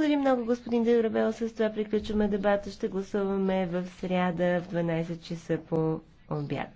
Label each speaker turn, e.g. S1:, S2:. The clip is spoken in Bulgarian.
S1: Благодаря много, господин Дайорабел. С това приключваме дебата. Ще гласуваме в сряда в 12 часа по обяд.